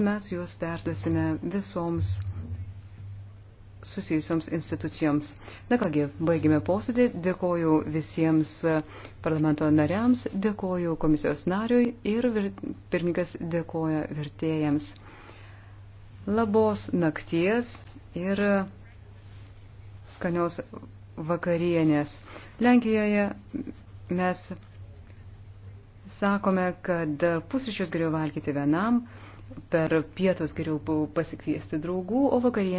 mes juos perduosime visoms susijusioms institucijoms. Na kągi, baigime posėdį. Dėkoju visiems parlamento nariams, dėkoju komisijos nariui ir vir... pirmininkas dėkoja vertėjams. Labos nakties ir skanios vakarienės. Lenkijoje mes sakome, kad pusryčius geriau valgyti vienam, per pietus geriau pasikviesti draugų, o vakarienę.